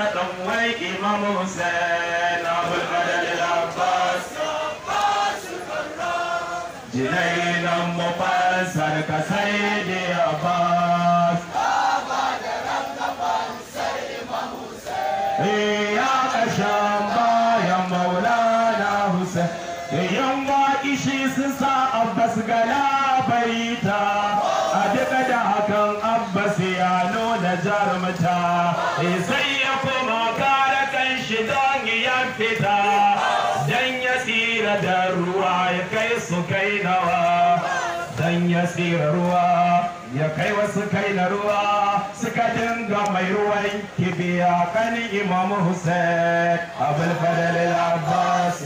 فتقوي إمام حسين أبو الفضل العباس عباس الفراس جنين مفسر كسر fita dan ya tsira da ruwa ya kai su kai nawa dan ya tsira ruwa ya kai wasu kai na ruwa suka dinga mai ruwan kibiya kan imam hussein abul fadalil abbas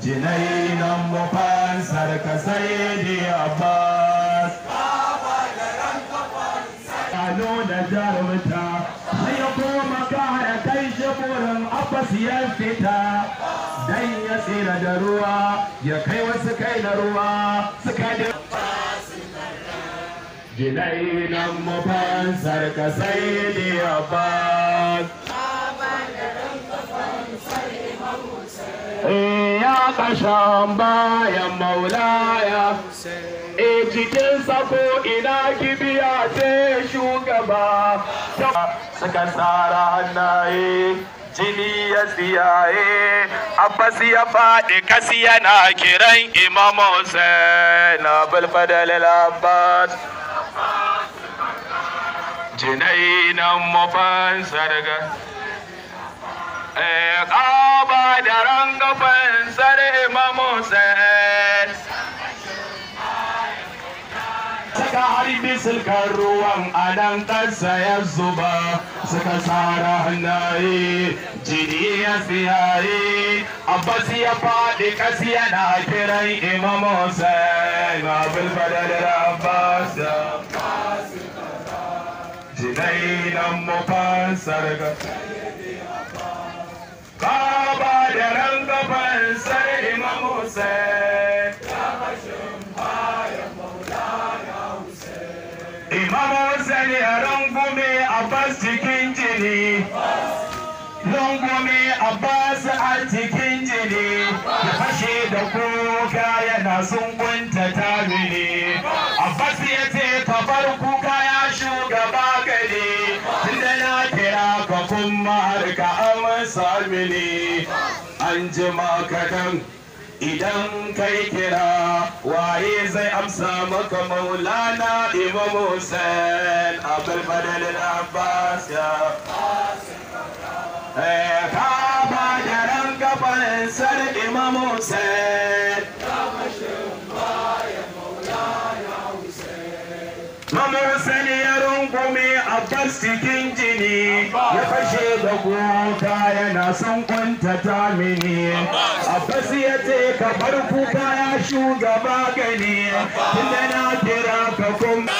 jinai nan mafan sarka ba da abbas nuna jarumta ya fita dan ya tsira da ruwa ya kai wasu kai da ruwa suka da Jinai nan mafansar ka sai ne ya ba. E, ya kashan bayan maulaya, e jikinsa ko ina kibiya ce shugaba, suka tsara hannaye. jini ya siyaye abbas ya faɗi kasi yana kiran imam hussein abul fadal abbas jinainan mafan sarga eh, ƙaba da rangafan sar imam hussein haka har bisilkan ruwan a nan ƙasa ya zuba suka tsara hannaye jini ya tsiyaye abbas ya faɗi ƙasi yana kiran imam hussein abin fada da abbas jinai nan mufan sarga kaba da ran gaban sai imam hussein sani rangume a bas cikin jini rungume a bas a cikin jini ya fashe da kuka yana sun gunta tarihi abbas ya ce ka bar kuka ya shugaba gari tunda na kira ka kuma a ka amsa mini an jima kadan idan kai kira waye zai amsa maka maulana imam hussein abul fadl abbas ya eh, ka ba da ran gaban sar imam hussein tas cikin jini ya fashe da kuka yana son kwantata mini abbas ya ce ka bar kuka ya shugaba gani tunda na kira ka kuma.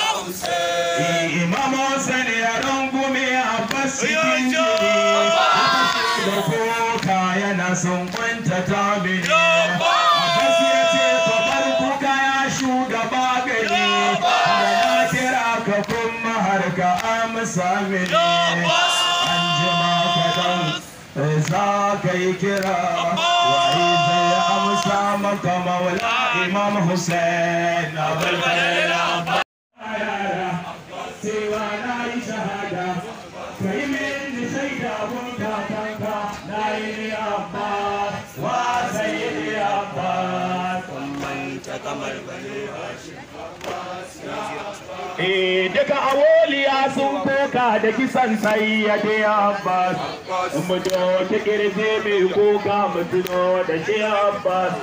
لبس أنجمك دل رزاك كرام وعيد أمسامك مولى إمام حسين أبو الخليل أبا سوانا شهادة كيمين شيدا بنتا تنكا نايني أبا وسيدي أبا ومن تكمل بني هاشم أبا يا أبا إيدك أولي يا سوكو Allah da kisan sayyade Abbas mu ta kirje mai kuka mu tuno da shi Abbas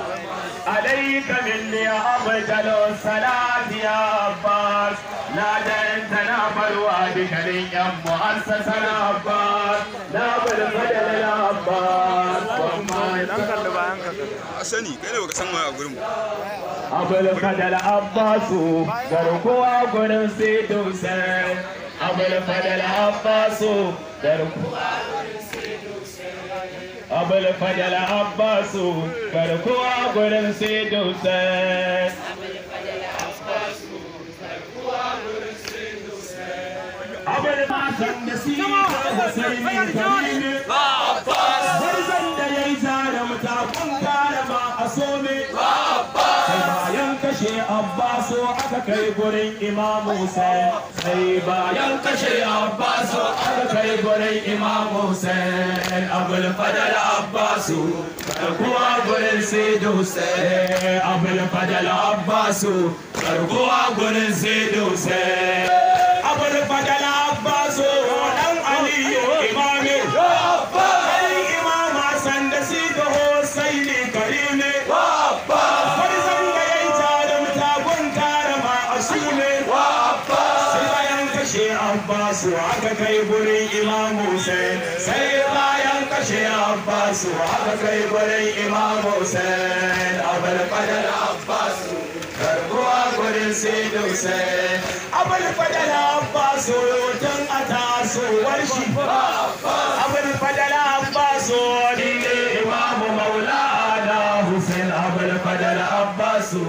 alayka min ya abdalo salati ya Abbas na dan tana farwa da dukkanin yan mu'assasar Abbas na bar fadala ya Abbas kuma dan kalli bayan ka sani kai ne baka san ma a gurin abul fadala Abbasu garkuwa gurin sai dusan أبل فضل عباس أبل فضل عباس كركوا قرن سيدو سيد أبل ما كان نسيب حسين kai gurin Imam Hussein sai bayan kashe Abbasu har kai gurin Imam Hussein Abul Fadal Abbasu karkuwa gurin Sayyid Hussein Abul Fadal Abbasu karkuwa gurin Sayyid Hussein kai gurin imam Hussein sai bayan kashe Abbasu haka kai gurin imam Hussein abul fadal Abbasu karbuwa gurin sai Hussein abul fadal Abbasu tun a tasowar shi abul fadal Abbasu ne imam maulana Hussein abul fadal Abbasu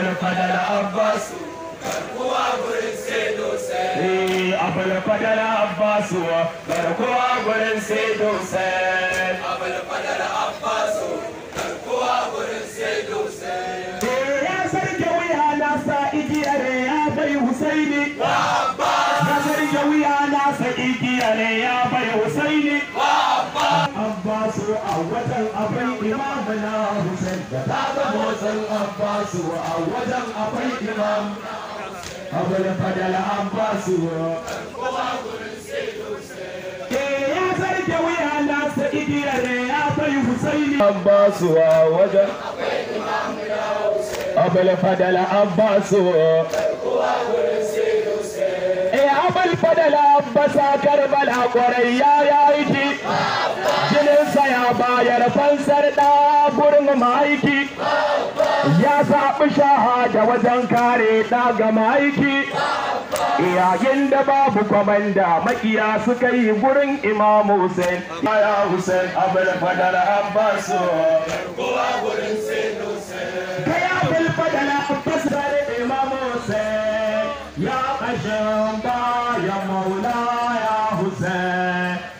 الفضل عباس garkuwa gurin sai dosa abul fadar abbasu garkuwa gurin sai dosa abul fadar abbasu garkuwa gurin sai dosa ya sarki wuya na sa igiyar ya bai husaini ya sarki wuya na sa igiyar ya bai husaini abbasu a wata wajen abbasu a wajen akwai imam abul fadal abbasu ya zarge wuya na sa'idi yare ya bai husaini abbasu a wajen abul fadal abbasu abul fadala abbasa karbala kwarayya ya yi aiki jininsa ya bayar fansar da gurin mahaiki ya zaɓi shahada wajen kare ɗa ga mahaiki yayin da babu kwamanda makiya suka yi gurin imam hussein ya hussein abul fadala abbasu kowa gurin sai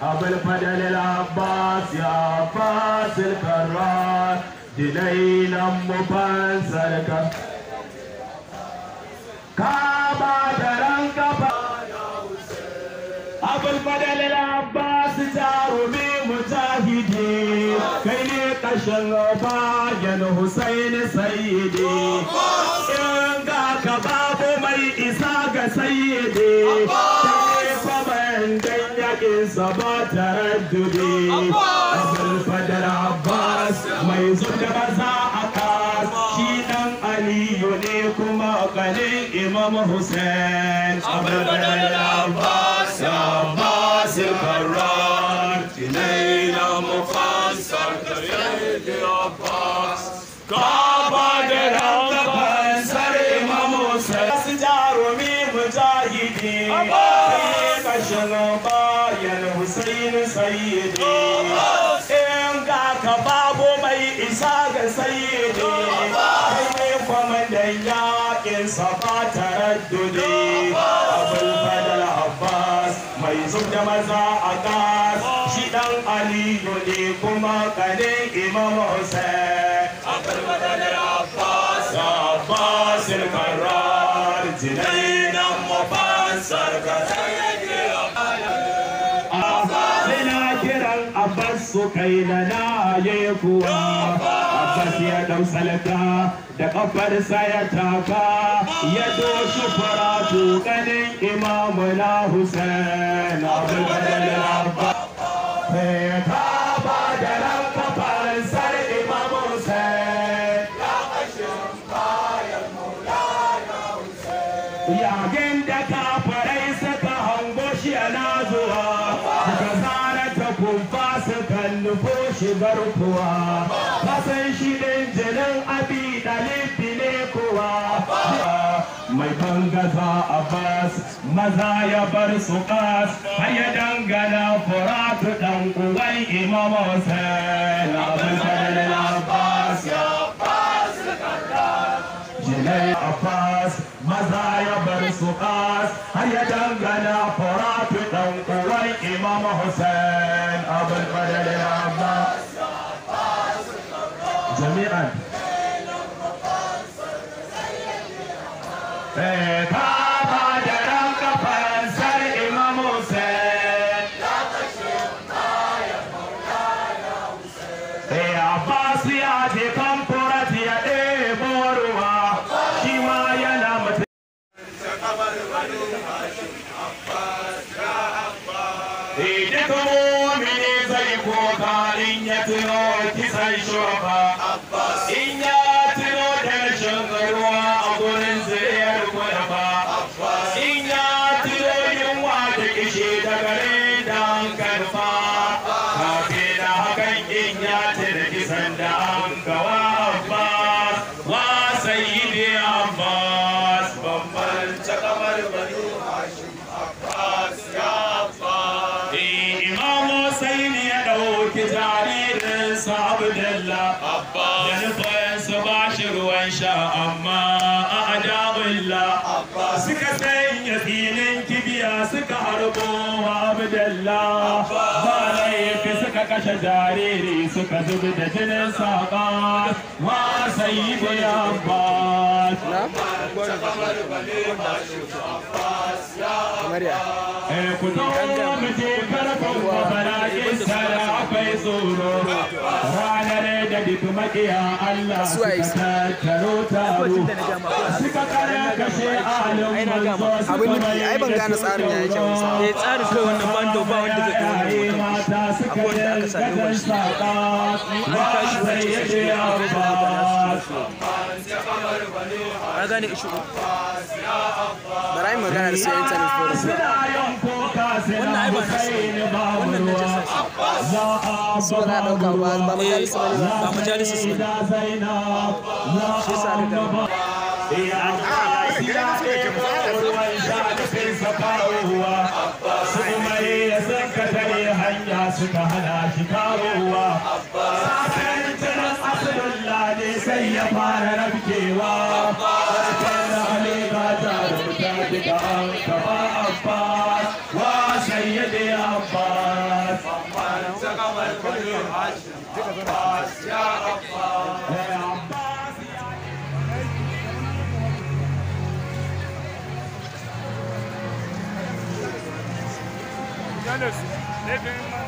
أبو الفضل العباس يا عباس الكرار دليلا مبنسلك كابا ترنك أبو الفضل العباس جارمي مجاهدي كيني قشن ين حسين سيدي ينغا كباب مي إساق سيدي duri Abbas Abbas Mai zunda baza akas Shidang Ali yone kuma kale Imam Hussain Abbas Abbas Abbas Karrar Tinayna mufansar Tinayna Abbas Abbas abbas shi dan aliyu ne kuma kanin imam hussein abbas karar jinai nan mubassar ka kiran abbas su kai na na kuwa abbas ya salata da ƙafarsa ya taka ya doshi faratu ganin imamu na hussein abu da ya taba da ran imam ya kashin da zuwa suka zara ta kumfa suka nufo shi garkuwa دنگتا عباس maza ya bar su kas har ya dangana furatu dan uwan imam Hussein Abdul Karim Abbas ya Abbas Jinai Abbas maza ya bar su kas har ya dangana furatu dan uwan imam Hussein Abdul Karim Abbas jami'an Eh, Akbar. suka kashe jariri suka zubi da jinin saba ma sai bu ya abbas eh, ku zo mu je karfin mabara'in sara akwai tsoro ranar da duk maƙiya Allah suka tattaro taro suka kare kashe alin manzo suka bayyana da tsoro tsarin kai eh, wannan bando ba wanda zai kai wannan أكثر يوم ما gane shi ko bara yin magana da su yan tanin foro wannan ai ba na su wannan na jasa su ba na ɗauka ba ba majalisa ba ne ba majalisa su ne shi sa ni da ba a a Abbas, Ya Abbas. Hey,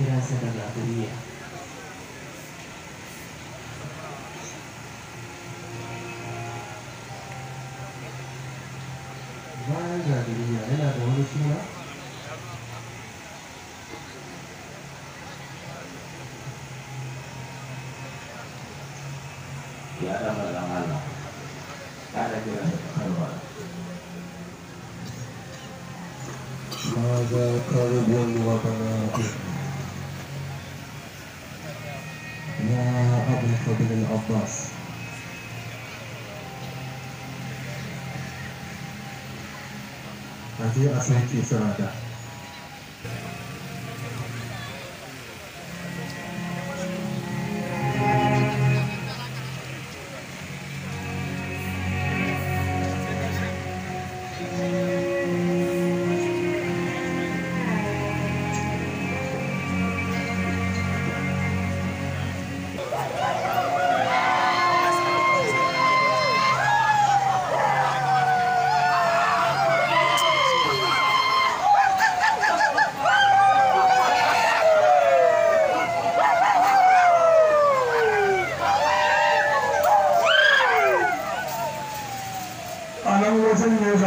الدراسة الأدبية ماذا بالله أنا بقول شنو يا رب العالمين على كراسة القرآن ماذا قلب وبناته nanti akan diserahkan.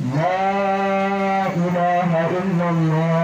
لا إله إلا الله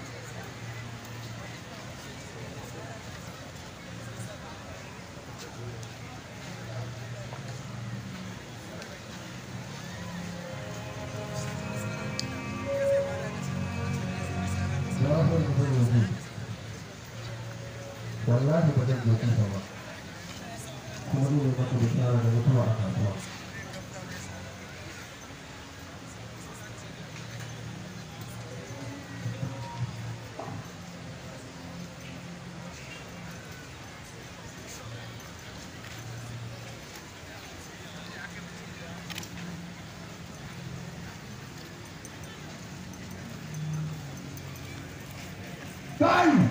Time!